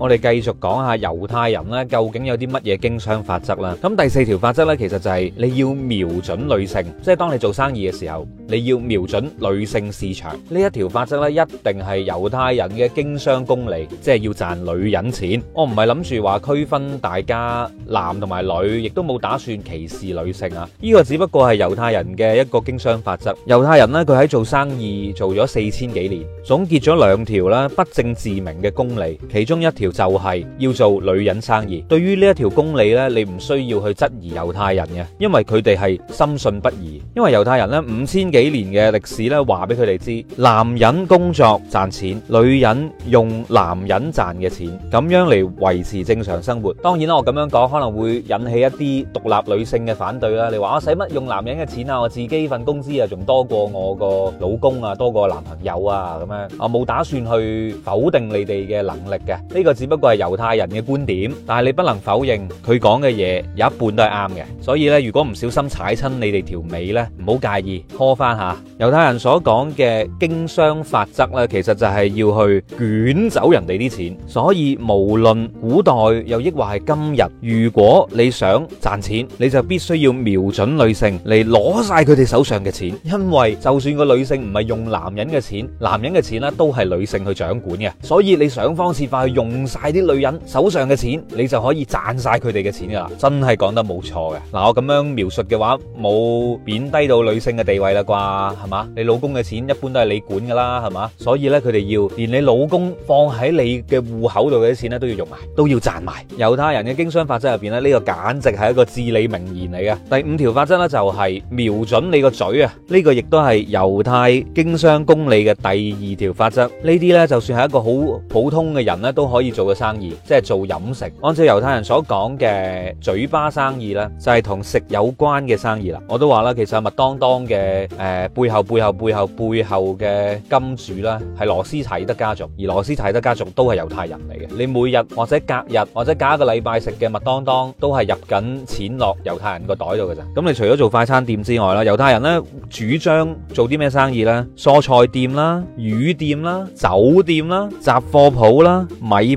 我哋繼續講下猶太人咧，究竟有啲乜嘢經商法則啦？咁第四條法則咧，其實就係你要瞄準女性，即係當你做生意嘅時候，你要瞄準女性市場。呢一條法則咧，一定係猶太人嘅經商公理，即係要賺女人錢。我唔係諗住話區分大家男同埋女，亦都冇打算歧視女性啊！呢個只不過係猶太人嘅一個經商法則。猶太人咧，佢喺做生意做咗四千幾年，總結咗兩條啦不證自明嘅公理，其中一條，就係要做女人生意。對於呢一條公理咧，你唔需要去質疑猶太人嘅，因為佢哋係深信不疑。因為猶太人咧五千幾年嘅歷史咧，話俾佢哋知，男人工作賺錢，女人用男人賺嘅錢咁樣嚟維持正常生活。當然啦，我咁樣講可能會引起一啲獨立女性嘅反對啦。你話我使乜用男人嘅錢啊？我自己份工資啊，仲多過我個老公啊，多過男朋友啊咁樣啊，我冇打算去否定你哋嘅能力嘅呢個。只不過係猶太人嘅觀點，但係你不能否認佢講嘅嘢有一半都係啱嘅。所以咧，如果唔小心踩親你哋條尾咧，唔好介意，拖翻吓。猶太人所講嘅經商法則咧，其實就係要去捲走人哋啲錢。所以無論古代又抑或係今日，如果你想賺錢，你就必須要瞄準女性嚟攞晒佢哋手上嘅錢。因為就算個女性唔係用男人嘅錢，男人嘅錢咧都係女性去掌管嘅。所以你想方設法去用。晒啲女人手上嘅錢，你就可以賺晒佢哋嘅錢噶啦，真係講得冇錯嘅。嗱，我咁樣描述嘅話，冇貶低到女性嘅地位啦啩，係嘛？你老公嘅錢一般都係你管噶啦，係嘛？所以咧，佢哋要連你老公放喺你嘅戶口度嘅啲錢咧，都要用埋，都要賺埋。猶太人嘅經商法則入邊咧，呢個簡直係一個至理名言嚟嘅。第五條法則咧，就係瞄準你個嘴啊！呢個亦都係猶太經商公理嘅第二條法則。呢啲咧，就算係一個好普通嘅人咧，都可以。做嘅生意即係做飲食。按照猶太人所講嘅嘴巴生意咧，就係、是、同食有關嘅生意啦。我都話啦，其實麥當當嘅誒、呃、背後背後背後背後嘅金主咧，係羅斯柴爾德家族，而羅斯柴爾德家族都係猶太人嚟嘅。你每日或者隔日或者隔一個禮拜食嘅麥當當都係入緊錢落猶太人個袋度嘅咋。咁你除咗做快餐店之外啦，猶太人咧主張做啲咩生意咧？蔬菜店啦、魚店啦、酒店啦、雜貨鋪啦、米。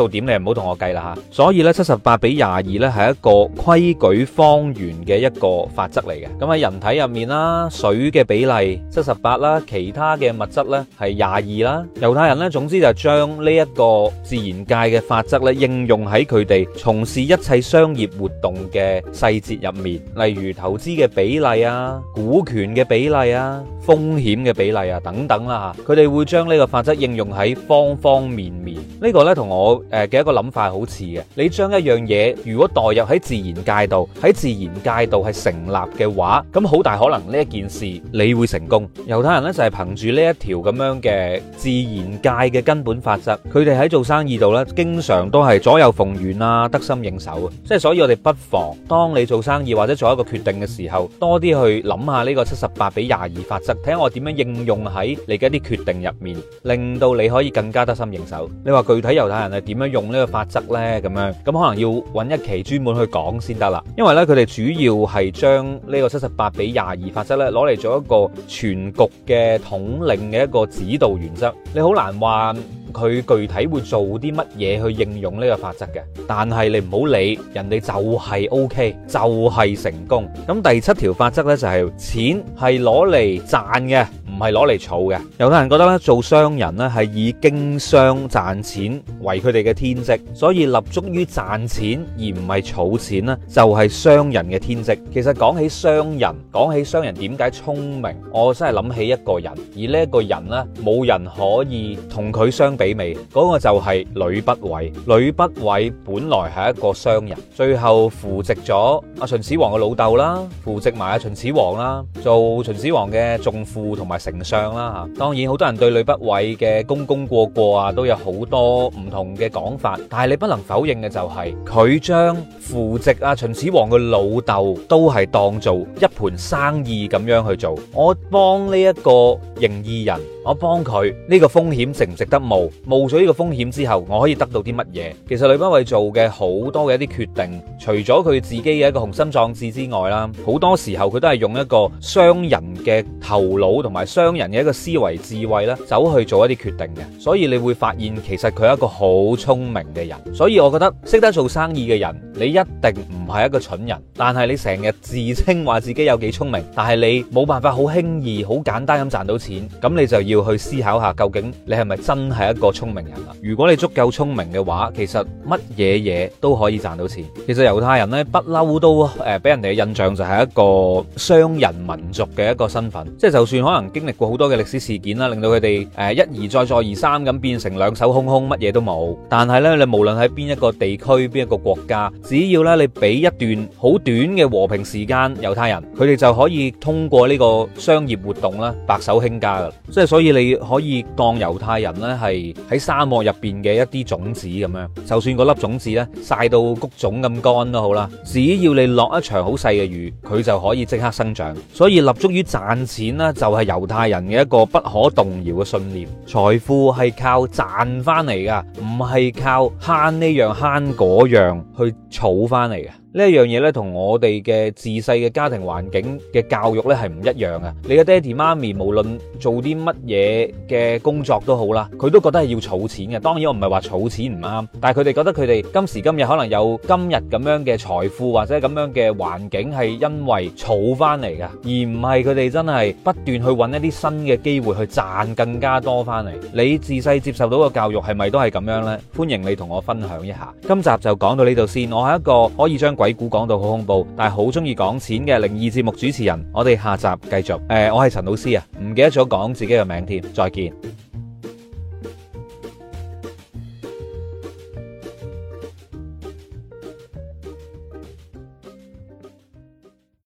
做點你唔好同我計啦吓，所以咧，七十八比廿二咧，係一個規矩方圓嘅一個法則嚟嘅。咁喺人體入面啦，水嘅比例七十八啦，其他嘅物質咧係廿二啦。猶太人咧，總之就將呢一個自然界嘅法則咧應用喺佢哋從事一切商業活動嘅細節入面，例如投資嘅比例啊、股權嘅比例啊、風險嘅比例啊等等啦吓，佢哋會將呢個法則應用喺方方面面。這個、呢個咧同我。誒嘅一個諗法好似嘅，你將一樣嘢如果代入喺自然界度，喺自然界度係成立嘅話，咁好大可能呢一件事你會成功。猶太人呢，就係憑住呢一條咁樣嘅自然界嘅根本法則，佢哋喺做生意度呢，經常都係左右逢源啊，得心應手啊。即係所以我哋不妨當你做生意或者做一個決定嘅時候，多啲去諗下呢個七十八比廿二法則，睇下我點樣應用喺你嘅一啲決定入面，令到你可以更加得心應手。你話具體猶太人係點？咁樣用呢個法則呢，咁樣咁可能要揾一期專門去講先得啦。因為呢，佢哋主要係將呢個七十八比廿二法則呢，攞嚟做一個全局嘅統領嘅一個指導原則。你好難話佢具體會做啲乜嘢去應用呢個法則嘅。但係你唔好理，人哋就係 OK，就係成功。咁第七條法則呢，就係錢係攞嚟賺嘅。唔係攞嚟儲嘅，有啲人覺得咧，做商人咧係以經商賺錢為佢哋嘅天職，所以立足於賺錢而唔係儲錢咧，就係商人嘅天職。其實講起商人，講起商人點解聰明，我真係諗起一個人，而呢一個人咧，冇人可以同佢相比美，嗰個就係呂不韋。呂不韋本來係一個商人，最後扶植咗阿秦始皇嘅老豆啦，扶植埋阿秦始皇啦，做秦始皇嘅仲父同埋成丞相啦，吓，當然好多人對呂不韋嘅，功功過過啊，都有好多唔同嘅講法。但係你不能否認嘅就係、是，佢將扶植啊秦始皇嘅老豆都係當做一盤生意咁樣去做。我幫呢一個嬴異人，我幫佢呢個風險值唔值得冒？冒咗呢個風險之後，我可以得到啲乜嘢？其實呂不韋做嘅好多嘅一啲決定，除咗佢自己嘅一個雄心壯志之外啦，好多時候佢都係用一個商人嘅頭腦同埋商商人嘅一個思維智慧咧，走去做一啲決定嘅，所以你會發現其實佢係一個好聰明嘅人。所以我覺得識得做生意嘅人，你一定唔係一個蠢人。但係你成日自稱話自己有幾聰明，但係你冇辦法好輕易、好簡單咁賺到錢，咁你就要去思考下，究竟你係咪真係一個聰明人啦？如果你足夠聰明嘅話，其實乜嘢嘢都可以賺到錢。其實猶太人咧，不嬲都誒俾人哋嘅印象就係一個商人民族嘅一個身份，即係就算可能經歷。過好多嘅歷史事件啦，令到佢哋誒一而再再而三咁變成兩手空空，乜嘢都冇。但係咧，你無論喺邊一個地區，邊一個國家，只要咧你俾一段好短嘅和平時間猶太人，佢哋就可以通過呢個商業活動啦，白手興家噶。即係所以你可以當猶太人咧係喺沙漠入邊嘅一啲種子咁樣，就算嗰粒種子咧曬到谷種咁乾都好啦，只要你落一場好細嘅雨，佢就可以即刻生長。所以立足於賺錢啦，就係猶。大人嘅一個不可動搖嘅信念，財富係靠賺翻嚟噶，唔係靠慳呢樣慳嗰樣去儲翻嚟嘅。呢一樣嘢咧，同我哋嘅自細嘅家庭環境嘅教育，咧係唔一樣嘅。你嘅爹哋媽咪無論做啲乜嘢嘅工作都好啦，佢都覺得係要儲錢嘅。當然我唔係話儲錢唔啱，但係佢哋覺得佢哋今時今日可能有今日咁樣嘅財富或者咁樣嘅環境係因為儲翻嚟嘅，而唔係佢哋真係不斷去揾一啲新嘅機會去賺更加多翻嚟。你自細接受到嘅教育係咪都係咁樣呢？歡迎你同我分享一下。今集就講到呢度先。我係一個可以將鬼故講到好恐怖，但係好中意講錢嘅靈異節目主持人，我哋下集繼續。誒、呃，我係陳老師啊，唔記得咗講自己嘅名添，再見。